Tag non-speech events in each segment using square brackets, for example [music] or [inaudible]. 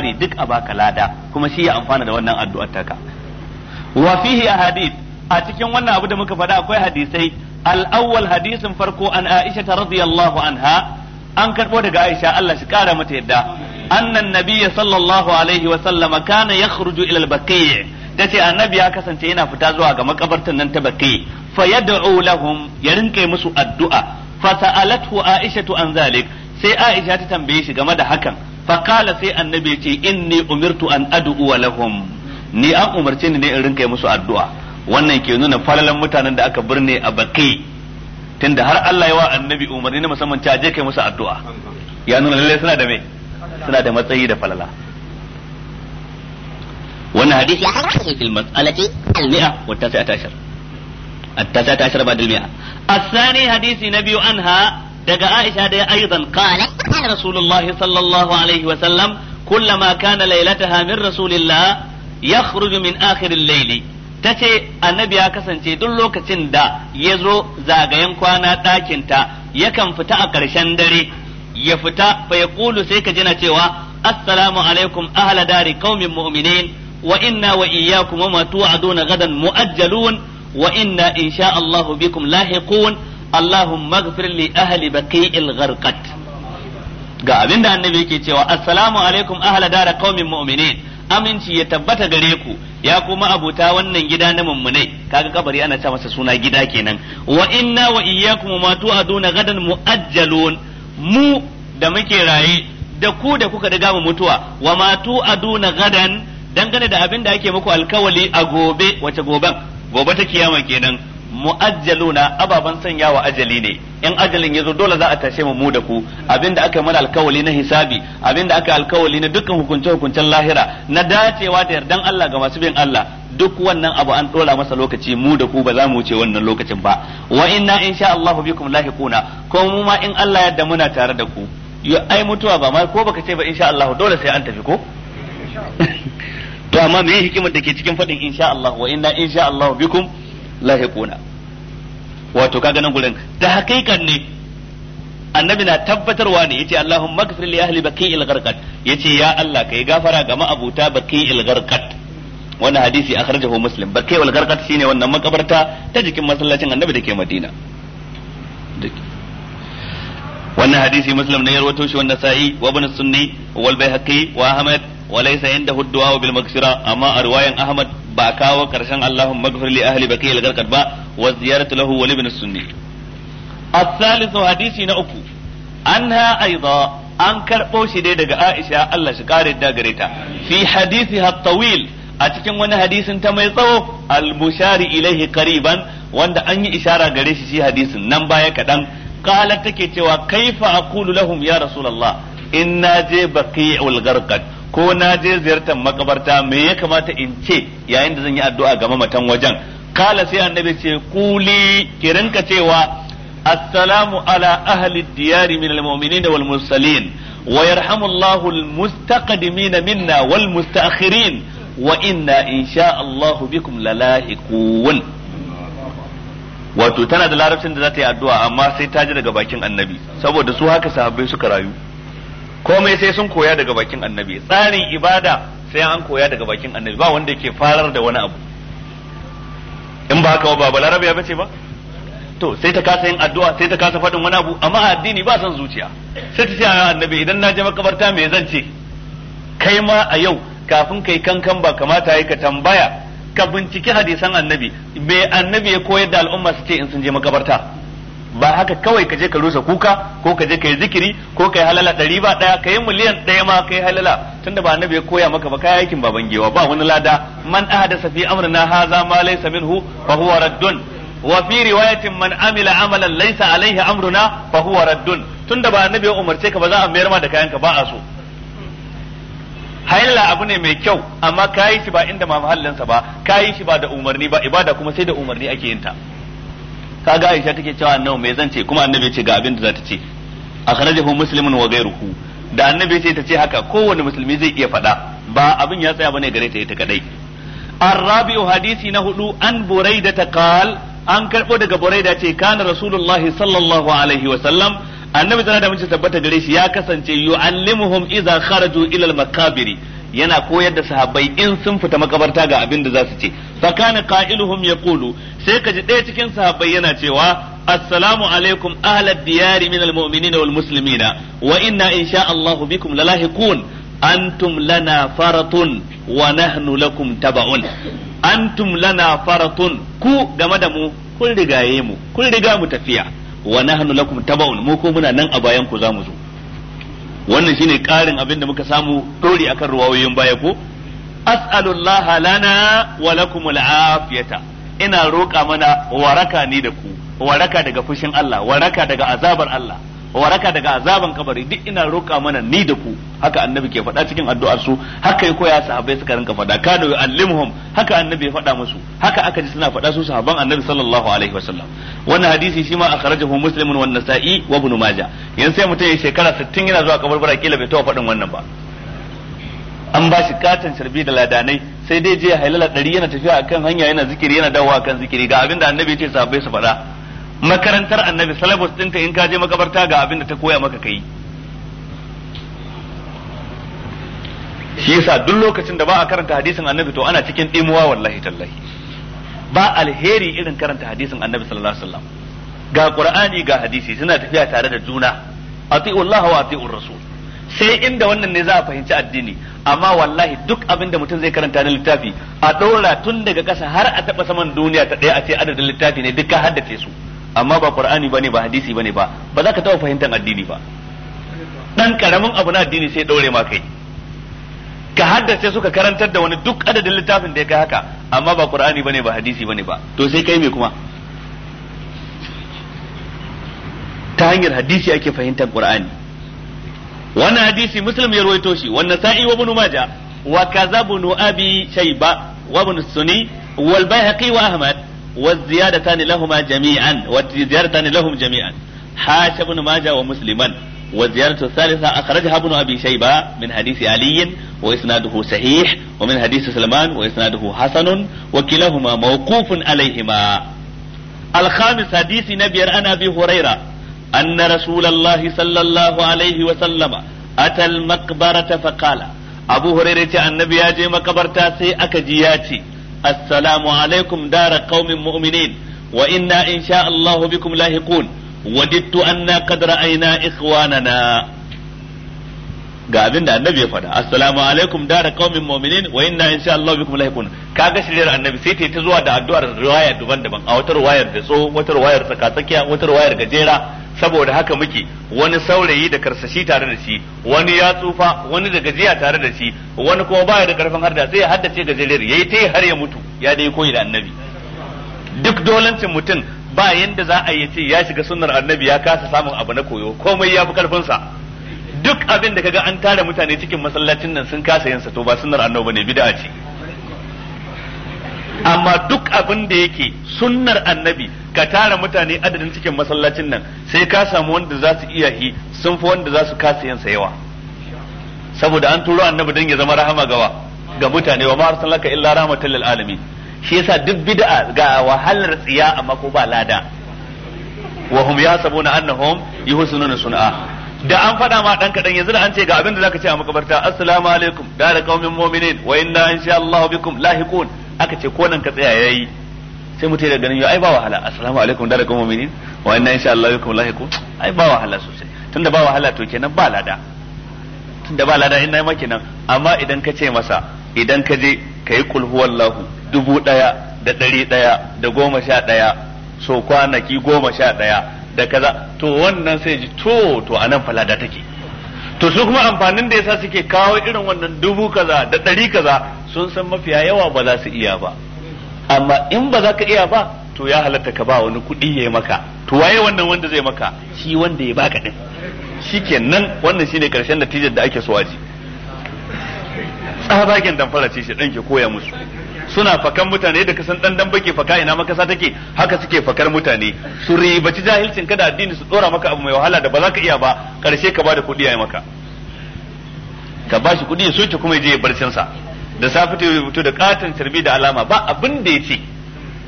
kare duk a baka lada kuma shi ya amfana da wannan addu'ar taka wa fihi ahadith a cikin wannan abu da muka faɗa akwai hadisai al-awwal hadisin farko an Aisha radhiyallahu anha an karbo daga Aisha Allah shi kara mata yadda annan nabiyya sallallahu alaihi wa sallama kana yakhruju ila al-baqi tace annabi ya kasance yana fita zuwa ga makabartan nan ta baqi fa yad'u lahum ya rinka musu addu'a fa sa'alathu Aisha an zalik sai Aisha ta tambaye shi game da hakan fakala sai annabi ce inni umirtu an ad'u lahum ni an umarce ni ne in rinka musu addu'a wannan ke nuna falalan mutanen da aka birne a baki tunda har Allah ya wa annabi umarni na musamman ta je kai musu addu'a ya nuna lalle suna da me suna da matsayi da falala wannan hadisi ya hadisi fil mas'alati al-mi'a wa tasata ashar at-tasata ashar ba'da al-mi'a as-sani hadisi nabiyyu anha daga Aisha da aidan qala kana Rasulullah sallallahu alaihi wa sallam kullama kana lailataha min Rasulillah yakhruju min akhir al-layli tace annabi ya kasance duk lokacin da ya zo zagayen kwana ɗakinta yakan fita a ƙarshen dare ya fita fa ya kulu sai ka jina cewa assalamu alaikum ahla dari qaumin mu'minin wa inna wa iyyakum ma tu'aduna gadan mu'ajjalun wa inna insha Allah bikum lahiqun Allahumma ighfir li ahli baqi'il gharqat ga abinda annabi yake cewa assalamu alaikum ahla dar qaumin mu'minin aminci ya tabbata gare ku ya kuma abuta wannan gida na mummunai kaga kabari ana ce masa suna gida kenan wa inna wa iyyakum ma tu'aduna gadan muajjalun mu da muke raye da ku da kuka riga mu mutuwa wa ma tu'aduna gadan dangane da abin da ake muku alkawali a gobe wace goben gobe ta kiyama kenan mu'ajjaluna ababan sanyawa ajali ne in ajalin yazo dole za a tashe mu da ku abinda aka mana alkawali na hisabi abinda aka alkawali na dukkan hukunce hukuncen lahira na dacewa da yardan Allah ga masu bin Allah duk wannan abu an dora masa lokaci mu da ku ba za mu wuce wannan lokacin ba wa inna insha Allah bikum lahiquna ko mu ma in Allah yadda muna tare da ku ai mutuwa ba ma ko baka ce ba insha Allah dole sai an tafi ko [laughs] to amma me hikimar da ke cikin fadin insha Allah wa inna insha Allah bikum lahiquna wato kaga nan gurin da hakikan ne annabi na tabbatarwa ne yace Allahumma ighfir li ahli baqi'il gharqat yace ya Allah kai gafara ga ma'abuta baqi'il gharqat wannan hadisi akhrajahu muslim baqi'il gharqat shine wannan makabarta ta jikin masallacin annabi da ke Madina wannan hadisi muslim ne ya rawaito shi wannan sa'i wa ibn sunni wal bayhaqi wa ahmad wa laysa indahu du'a bil maghfira amma arwayan ahmad ba kawo karshen Allahumma ighfir li ahli baqiyal garqad ba wa ziyaratu lahu wa libn sunni الثالث حديثي نأكو أنها أيضا an karbo shi dai daga Aisha Allah shi kare da gare ta fi hadisi tawil a cikin wani hadisin ta mai tsawo albushari bushari ilaihi qariban wanda an yi ishara gare shi shi hadisin nan baya kaɗan kala take cewa kaifa aqulu lahum ya rasulullah inna je baqi'ul garqad ko na je ziyartar makabarta me ya kamata in ce yayin da zan yi addu'a ga mamatan wajen kala sai annabi ce kuli ki rinka cewa assalamu ala ahli diyari min almu'minin wal mursalin wa yarhamullahu almustaqdimin minna wal mustaakhirin wa inna insha Allah bikum lalahiqun wato tana da larabcin da za ta yi addu'a amma sai ta ji daga bakin annabi saboda su haka sahabbai suka rayu komai sai sun koya daga bakin annabi tsarin ibada sai an koya daga bakin annabi ba wanda yake farar da wani abu in ba haka ba balarabe ya bace ba to sai ta kasa yin addu'a sai ta kasa faɗin wani abu amma addini ba son zuciya sai ta ce a annabi idan na je makabarta me zan ce kai ma a yau kafin kai kankan ba kamata yi ka tambaya ka binciki hadisan annabi me annabi ya koyar da al'umma su ce in sun je makabarta ba haka kawai ka je ka rusa kuka ko ka je ka yi zikiri ko ka yi halala ɗari ba ɗaya ka yi miliyan ɗaya ma ka yi halala tunda ba annabi ya koya maka ba kai aikin baban gewa ba wani lada man ahadasa fi amrina haza ma laysa minhu fa huwa raddun wa fi riwayatin man amila amalan laysa alaihi amruna fa huwa raddun tunda ba annabi ya umarce ka ba za a mayar ma da kayanka ba a so haila abu ne mai kyau amma kayi shi ba inda ma mahallinsa ba kayi shi ba da umarni ba ibada kuma sai da umarni ake yin ta kaga Aisha take cewa annabi me zan ce kuma annabi ce ga abin da za ta ce akhrajahu muslimun wa ghayruhu da annabi sai ta ce haka kowane musulmi zai iya faɗa ba abin ya tsaya bane gare ta ita kadai hadisi na hudu an Buraida ta قال an karɓo daga buraida ce kana rasulullahi sallallahu alaihi wa sallam annabi tana da mace tabbata gare shi ya kasance yu'allimuhum idza kharaju ila al-makabiri yana koyar da sahabbai in sun fita makabarta ga abin da za su ce fakana qailuhum yaqulu sai ka ji ɗaya cikin sahabbai yana cewa assalamu alaikum ahlad diyari min almu'minina wal muslimina wa inna insha Allahu bikum lalahiqun antum lana faratun wa nahnu lakum tabaun antum lana faratun ku game da mu kun rigaye mu kun riga mu tafiya wa nahnu lakum tabaun mu ko muna nan a bayan ku zamu zo wannan shine karin abin da muka samu dori akan ruwayoyin baya ko as'alullah lana wa lakum al-afiyata ina roƙa mana waraka ni da ku waraka daga fushin Allah waraka daga azabar Allah waraka daga azaban kabari duk ina roƙa mana ni da ku haka annabi ke faɗa cikin addu'ar su haka ya koya sahabbai suka rinka faɗa kada ya allimhum haka annabi ya faɗa musu haka aka ji suna faɗa su sahabban annabi sallallahu alaihi wasallam wannan hadisi shi ma akhrajahu muslimun wa nasa'i wa ibn majah yanzu sai mutum ya shekara 60 yana zuwa kabarbara kila bai taɓa faɗin wannan ba an ba shi katin sharbi da ladanai sai dai je halala ɗari yana tafiya akan hanya yana zikiri yana dawowa akan zikiri ga abinda annabi ya ce sahabbai su faɗa makarantar annabi salabus ɗinta in ka je makabarta ga abin da ta koya maka kai shi yasa duk lokacin da ba a karanta hadisin annabi to ana cikin dimuwa wallahi tallahi ba alheri irin karanta hadisin annabi sallallahu alaihi wasallam ga qur'ani ga hadisi suna tafiya tare da juna ati'u Allah wa ati'u rasul sai inda wannan ne za a fahimci addini amma wallahi duk abin da mutum zai karanta na littafi a ɗora tun daga ƙasa har a taɓa saman duniya ta ɗaya a ce adadin littafi ne duka haddace su amma ba qur'ani bane ba hadisi bane ba ba za ka taɓa fahimtar addini ba dan karamin abu na addini sai daure ma kai ka haddace suka karantar da wani duk adadin littafin da ya kai haka amma ba qur'ani bane ba hadisi bane ba to sai kai me kuma ta hanyar hadisi ake fahimtar qur'ani wannan hadisi muslim ya ruwaito shi wannan sa'i wa bunu majah wa kaza abi shayba wa bunu sunni wal bayhaqi wa ahmad wa ziyadatan lahumma jami'an wa ziyadatan lahum jami'an hasha ibn majah wa musliman wa ziyadatu thalitha akhrajaha ibn abi shayba min hadisi ali wa isnaduhu sahih wa min hadisi salman wa الخامس حديث نبي عن ابي هريره ان رسول الله صلى الله عليه وسلم اتى المقبره فقال abu hurairah ce annabi ya je makabarta sai aka ji ya ce assalamu alaikum dara qaumin mu'minin wa inna insha Allah bikum lahiqun wadittu anna qad ra'ayna ikhwanana ga abin da annabi ya faɗa assalamu alaikum dara qaumin mu'minin wa inna insha Allah bikum lahiqun kaga shirin annabi sai ta zuwa da addu'ar riwaya daban-daban a wata riwayar da tso wata riwayar tsakatsakiya wata riwayar gajera saboda haka muke wani saurayi da karsashi tare da shi wani ya tsufa wani da gajiya tare da shi wani kuma baya da karfin harda sai ya haddace gajeriyar yayi ta har ya mutu ya dai koyi da annabi duk dolancin mutum ba yanda za a yi ce ya shiga sunnar annabi ya kasa samun abu na koyo komai ya fi karfin sa duk abin da kaga an tare mutane cikin masallacin nan sun kasa yin sa to ba sunnar annabi bane bid'a ce amma duk abin da yake sunnar annabi ka tara mutane adadin cikin masallacin nan sai ka samu wanda za su iya yi sun fi wanda za su kasa yin yawa. saboda an turo annabi don ya zama rahama gawa ga mutane wa ma'ar sallaka illa rahmatan lil alamin shi yasa duk bid'a ga wahalar tsiya amma ko ba lada wa hum yasabuna annahum yuhsinuna sun'a da an faɗa ma ɗan kaɗan yanzu da an ce ga abin da zaka ce a makabarta assalamu alaikum da da qaumin mu'minin wa inna insha Allah bikum lahiqun aka ce ko nan ka tsaya yayi sai mutai da ganin ai ba wahala assalamu alaikum da rakum mu'minin wa inna insha Allah yakum lahiqu ai ba wahala sosai tunda ba wahala to kenan ba lada tunda ba lada in nayi ma kenan amma idan ka ce masa idan ka je kai kul huwallahu dubu daya da dari daya da goma sha daya so kwanaki goma sha daya da kaza to wannan sai ji to to anan falada take to su kuma amfanin da yasa suke kawo irin wannan dubu kaza da ɗari kaza sun san mafiya yawa ba za su iya ba amma in ba za ka iya ba to ya halatta ka ba wani kuɗi ya yi maka to waye wannan wanda zai maka shi wanda ya baka din shikenan wannan shine karshen natijar da ake so aji tsabagen damfara ce shi dan ke koya musu suna fakan mutane da kasan dan dan bake faka ina makasa take haka suke fakar mutane su ribaci jahilcin kada addini su dora maka abu mai wahala da ba za ka iya ba karshe ka ba da kuɗi ya yi maka ka ba shi kuɗi ya soke kuma ya je ya barcin sa da safe ta fito da katin sharbi da alama ba abin da yace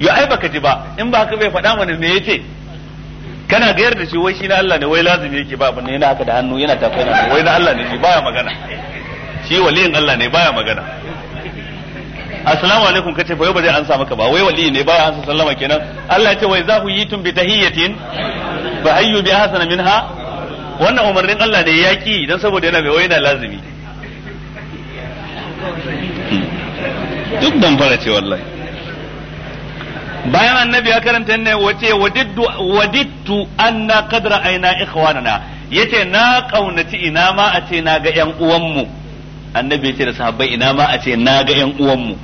ya ai baka ji ba in ba ka bai faɗa mana me yace kana gayar da shi wai shi na Allah ne wai lazimi yake ba abin yana haka da hannu yana tafi yana wai na Allah ne shi baya magana shi waliyin Allah ne baya magana assalamu alaikum kace fa yau ba zai ansa maka ba wai waliyi ne baya ansa sallama kenan Allah ya ce wai zahu yitum bi tahiyyatin fa hayyu bi ahsana minha wannan umarnin Allah ne yaki dan saboda yana mai wai yana lazimi duk fara ce wallahi bayan annabi ya karanta ne wace wadiddu wadittu anna qadra aina ikhwanana yace na kaunaci ina ma a ce na ga yan uwan mu. annabi yace da sahabbai ina ma a ce na ga yan uwan mu.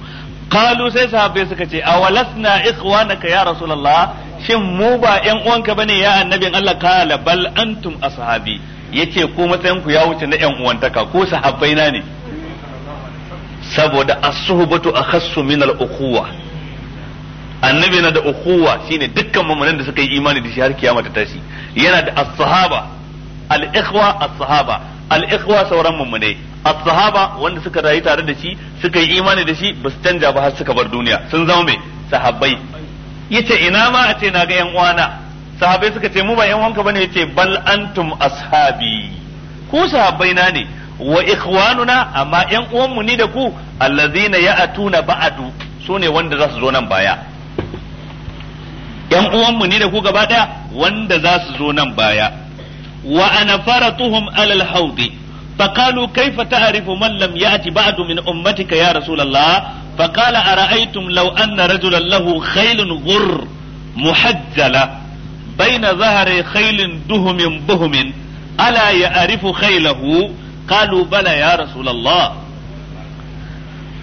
qalu sai sahabbai suka ce awalasna ikhwanaka ya rasulullah shin mu ba yan uwanka bane ya annabin Allah kala bal antum ashabi yace ko matsayin ku ya wuce na yan uwantaka ko sahabbai na ne saboda as-suhbatu akhassu min al-ukhuwa annabi na da ukhuwa shine dukkan mamanan da suka yi imani da shi har kiyama ta tashi yana da as-sahaba al-ikhwa as-sahaba al-ikhwa sauran mummune as-sahaba wanda suka rayu tare da shi suka yi imani da shi ba su canja ba har suka bar duniya sun zama mai sahabbai yace ina ma a ce na ga yan uwana sahabbai suka ce mu ba yan uwanka bane yace bal antum ashabi ku sahabbai na ne wa ikhwanuna amma yan uwanmu ni da ku allazina ya'tuna sune wanda za su zo nan baya yan uwanmu ni da ku gaba daya wanda za su zo nan baya wa anafaratuhum alal haudi فقالوا كيف تعرف من لم يأت بعد من أمتك يا رسول الله فقال أرأيتم لو أن رجلا له خيل غر محجلة بين ظهر خيل دهم بهم ألا يعرف خيله Kalu bala ya rasulullah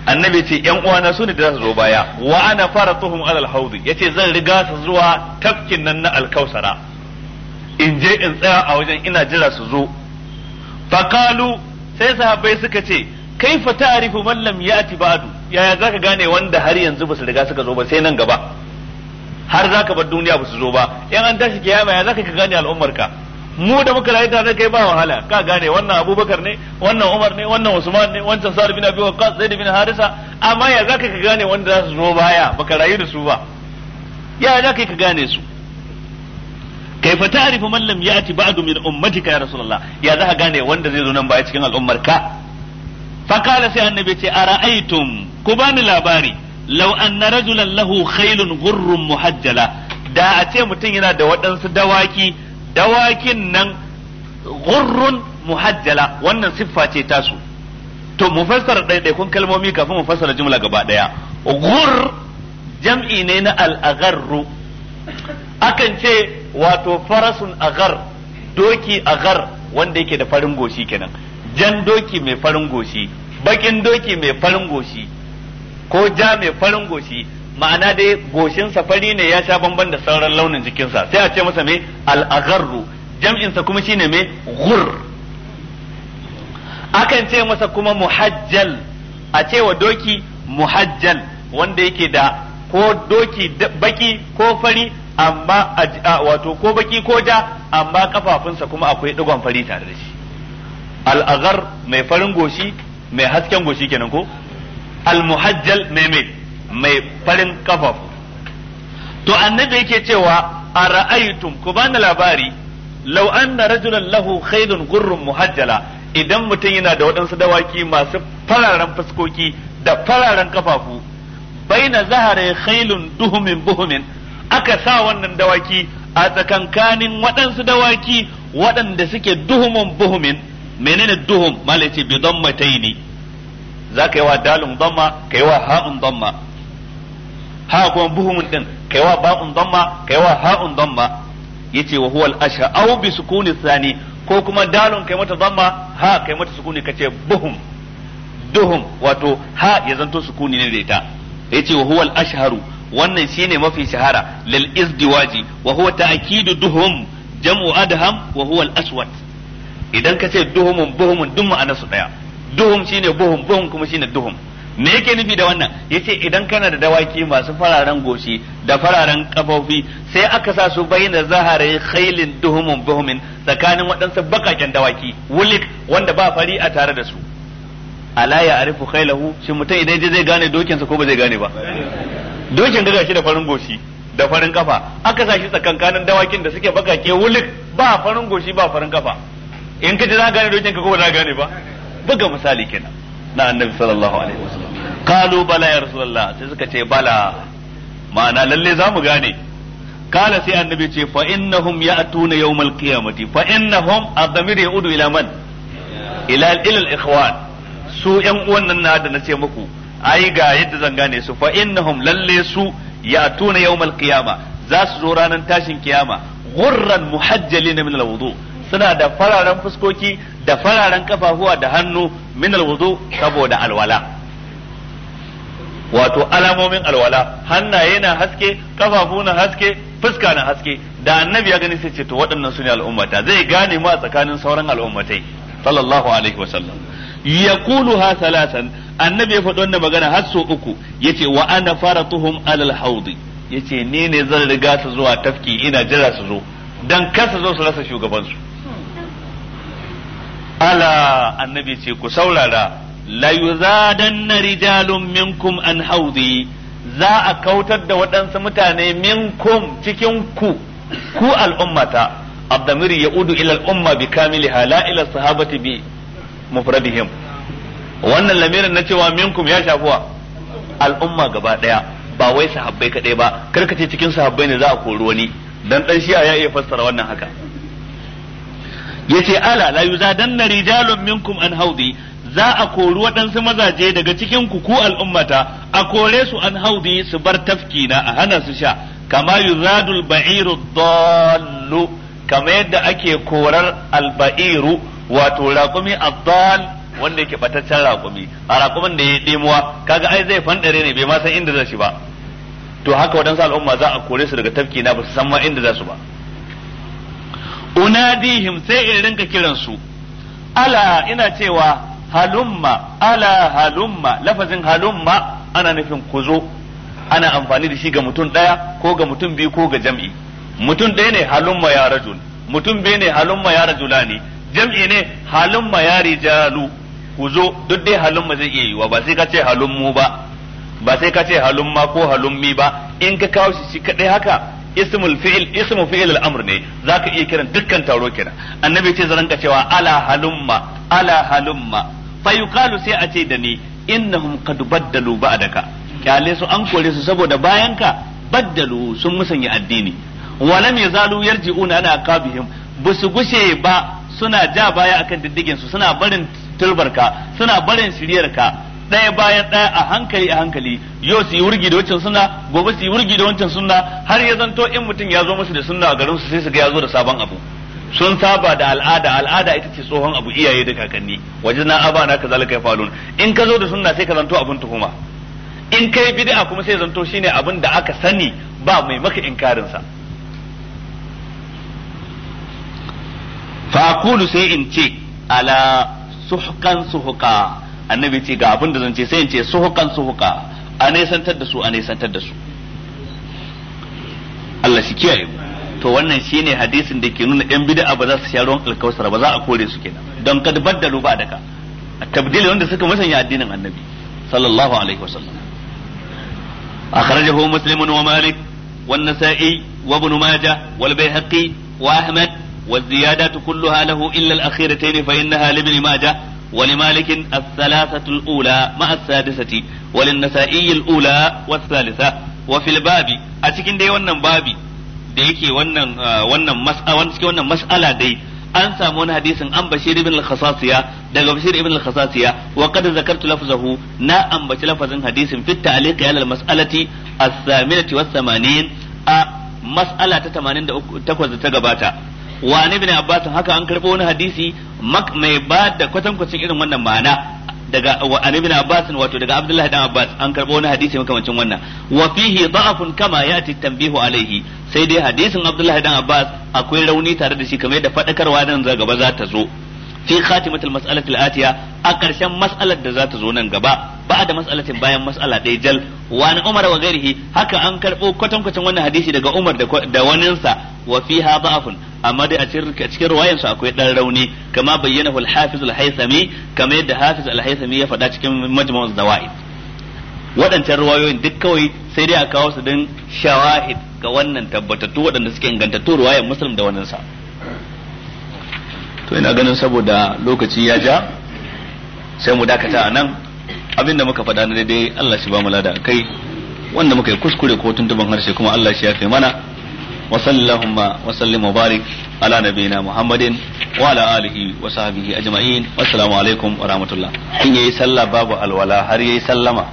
annabi ce yan uwana su ne da su zo baya wa ana faratuhum alal alhawd yace zan riga su zuwa tafkin nan na alkausara in je in tsaya a wajen ina jira su zo faqalu sai sahabbai suka ce kaifa ta'rifu man lam ya'ti ba'du yaya zaka gane wanda har yanzu ba su riga suka zo ba sai nan gaba har zaka bar duniya ba su zo ba yan an tashi kiyama ya zaka ka gane al'ummarka mu da muka rayu tare kai ba wahala ka gane wannan abubakar ne wannan umar ne wannan usman ne wancan sa'ad bin abi zai zaid bin harisa amma ya zaka ka gane wanda za su zo baya baka rayu da su ba ya zaka ka gane su kaifa ta'rifu man lam ya'ti ba'du min ummatika ya rasulullah ya za zaka gane wanda zai zo nan baya cikin al'ummar ka fa kala sai annabi ce a ara'aytum ku bani labari law anna rajulan lahu hailun ghurrun muhajjala da a ce mutum yana da waɗansu dawaki dawakin nan gurrun muhajjala wannan siffa ce tasu to mu fassara ɗaiɗaikun kalmomi kafin mu fassara jumla gaba ɗaya gur jam'i ne na al'agarru akan ce wato farasun agar doki agar wanda yake da farin goshi kenan jan doki mai farin goshi bakin doki mai farin goshi ko ja mai farin goshi ma'ana dai goshin fari ne ya sha bamban da sauran launin jikinsa sai a ce masa me al-agharru kuma shine me ghur akan ce masa kuma muhajjal a ce wa doki muhajjal wanda yake da ko doki baki ko fari amma wato ko baki ko ja amma kafafunsa kuma akwai digon fari tare da shi al mai farin goshi mai hasken goshi kenan ko al-muhajjal mai mai mai farin kafafu to annabi yake cewa a ra'aytum ku bani labari law anna rajulan lahu khaylun gurrun muhajjala idan mutum yana da waɗansu dawaki masu fararen fuskoki da fararen kafafu baina zahare khaylun duhumin buhumin aka sa wannan dawaki a tsakankanin waɗansu dawaki waɗanda suke duhumin buhumin menene duhum malaci bi dammataini za ka yi wa dalin damma ka yi wa ha'un damma ha kuma buhumun din kaiwa ba'un damma kaiwa ha'un damma yace wa huwa al-asha aw bi sukuni thani ko kuma dalun kai mata damma ha kai mata sukuni kace buhum duhum wato ha ya zanto sukuni ne da ita yace wa huwa al-ashharu wannan shine mafi shahara lil izdiwaji wa huwa ta'kidu duhum jam'u adham wa huwa al-aswad idan kace duhumun buhumun duk su daya duhum shine buhum buhum kuma shine duhum me yake nufi da wannan yace idan kana da dawaki masu fararen goshi da fararen kafofi sai aka sa su bayyana zahare khailin duhumun buhumin tsakanin waɗansu bakaken dawaki wulik wanda ba fari a tare da su ala ya arifu khailahu shi mutum idan zai gane dokin sa ko ba zai gane ba dokin ga gashi da farin goshi da farin kafa aka sa shi tsakankanin dawakin da suke bakake wulik ba farin goshi ba farin kafa in ka ji za gane dokin ka ko ba za gane ba buga misali kenan na annabi sallallahu alaihi wasallam qalu bala ya rasulullah sai suka ce bala ma'ana lalle za mu gane kala sai annabi ce fa innahum ya'tuna yawmal qiyamati fa innahum adamir yaudu ila man ila ila al ikhwan su yan uwan na da nace muku ai ga yadda zan gane su fa innahum lalle su ya'tuna yawmal qiyama za su zo ranar tashin kiyama ghurran muhajjalina min al wudu suna da fararen fuskoki da fararen kafafuwa da hannu min alwudu saboda alwala wato alamomin alwala hannaye na haske kafafu na haske fuska na haske da annabi ya gani sai ce to waɗannan su ne al'ummata zai gane mu a tsakanin sauran al'ummatai sallallahu alaihi wasallam ha salasan annabi ya faɗi wannan magana har so uku yace wa ana faratuhum alal haudi yace ni ne zan riga su zuwa tafki ina jira su zo dan kasa zo su rasa shugabansu ala annabi ce ku saurara la yuzadanna rijalun minkum an haudi za a kautar da waɗansu mutane minkum cikin ku ku al'ummata abdamiri ya udu ila al'umma bi kamiliha la ila sahabati bi mufradihim wannan lamirin na cewa minkum ya shafuwa al'umma gaba ɗaya ba wai sahabbai kaɗai ba karkace cikin sahabbai ne za a kori wani dan dan shi'a ya iya fassara wannan haka yace ala la yuzadanna rijalun minkum an haudi za a kori waɗansu mazaje daga cikin ku ku al'ummata a kore su an haudi su bar tafkina na a hana su sha kama yuzadul ba'iru dallu kama yadda ake korar alba'iru wato raƙumi addal wanda yake bataccen raƙumi a raƙumin da ya ɗemuwa kaga ai zai fanɗare ne bai ma san inda za shi ba to haka waɗansu al'umma za a kore su daga tafkina na ba su san ma inda za su ba unadihim sai in rinka kiransu ala ina cewa halumma ala halumma lafazin halumma ana nufin ku zo ana amfani da shi ga mutum ɗaya ko ga mutum biyu ko ga jam'i mutum ɗaya ne halumma ya rajul mutum biyu ne halumma ya rajula ne jam'i ne halumma ya rijalu ku zo duk dai halumma zai iya yiwa ba sai ka ce halummu ba ba sai ka ce halumma ko halummi ba in ka kawo shi shi kaɗai haka ismul fi'il ismu fi'il al-amr ne zaka iya kiran dukkan taro kira annabi ce zan ka cewa ala halumma ala halumma fa yuqalu sai a ce da ni innahum qad baddalu ba'daka kyale su an kore su saboda bayan ka baddalu sun musanya addini walam yazalu yarji'una ana aqabihim busu gushe ba suna ja baya akan diddigin su suna barin turbarka suna barin shiryarka ɗaya bayan ɗaya a hankali a hankali yau su yi wurgi da wancan sunna gobe su yi wurgi da wancan sunna har ya zanto in mutum ya zo musu da sunna a garin sai su ga ya zo da sabon abu sun saba da al'ada al'ada ita ce tsohon abu iyaye da kakanni waje na aba na kaza laka falun in ka zo da sunna sai ka zanto abin tuhuma in kai bid'a kuma sai zanto shine abin da aka sani ba mai maka inkarin sa fa aqulu sai in ce ala suhqan suhqa annabi ce ga abin da zan ce sai in ce suhukan suhuka a nesantar da su a nesantar da su Allah shi kiyaye mu to wannan shine hadisin da ke nuna yan bid'a ba za su sha ruwan alkausar ba za a kore su kenan don kad baddalu ba daka tabdili wanda suka musanya addinin annabi sallallahu alaihi wasallam akhrajahu muslim wa malik wa wa nasa'i ibn majah wal bayhaqi wa ahmad والزيادات كلها له إلا الأخيرتين فإنها لابن ماجه ولمالك الثلاثة الأولى مع السادسة وللنسائي الأولى والثالثة وفي الباب أتكين دي ونن بابي دي كي ونن ونن مسألة ونن مسألة دي an samu wani hadisin an bashir ibn al-khasasiya daga bashir ibn al-khasasiya wa qad zakartu lafzahu na ambaci lafazin hadisin fi ta'liq ala al-mas'alati as-saminati was a mas'ala ta ta gabata wa ibn abbas haka an karbo wani hadisi mai ba da kwatankwacin irin wannan ma'ana daga wa ibn abbas wato daga abdullahi dan abbas an karbo wani hadisi makamancin wannan wa fihi da'afun kama yati tanbihu alaihi sai dai hadisin abdullahi dan abbas akwai rauni tare da shi kamar da fadakarwa nan za gaba za ta zo fi khatimatul mas'alatil atiya a ƙarshen mas'alar da za ta zo nan gaba ba da mas'alatin bayan mas'ala ɗaya jal wa an umar wa ghairihi haka an karbo kwatan kwatan wannan hadisi daga umar da waninsa wa fiha da'afun amma dai a cikin ruwayan su akwai dan rauni kama bayyana al hafiz al haythami kama yadda hafiz al haythami ya faɗa cikin majmu'uz zawaid waɗancan ruwayoyin duk kawai sai dai a kawo su din shawahid ga wannan tabbatattu waɗanda suke ingantattu ruwayan muslim da waninsa to ina ganin saboda lokaci ya ja sai mu dakata anan. abinda muka faɗa na daidai Allah shi ba mu lada kai wanda muka yi kuskure ko tuntuban harshe kuma Allah shi yafe mana wa sallallahu wa sallim wa barik ala nabiyina muhammadin wa ala alihi wa sahbihi ajma'in assalamu alaikum wa rahmatullah in yayi sallah babu alwala har yayi sallama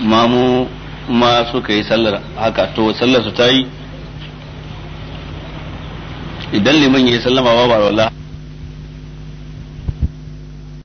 mamu ma suka yi sallar haka to sallar su ta yi idan liman yayi sallama babu alwala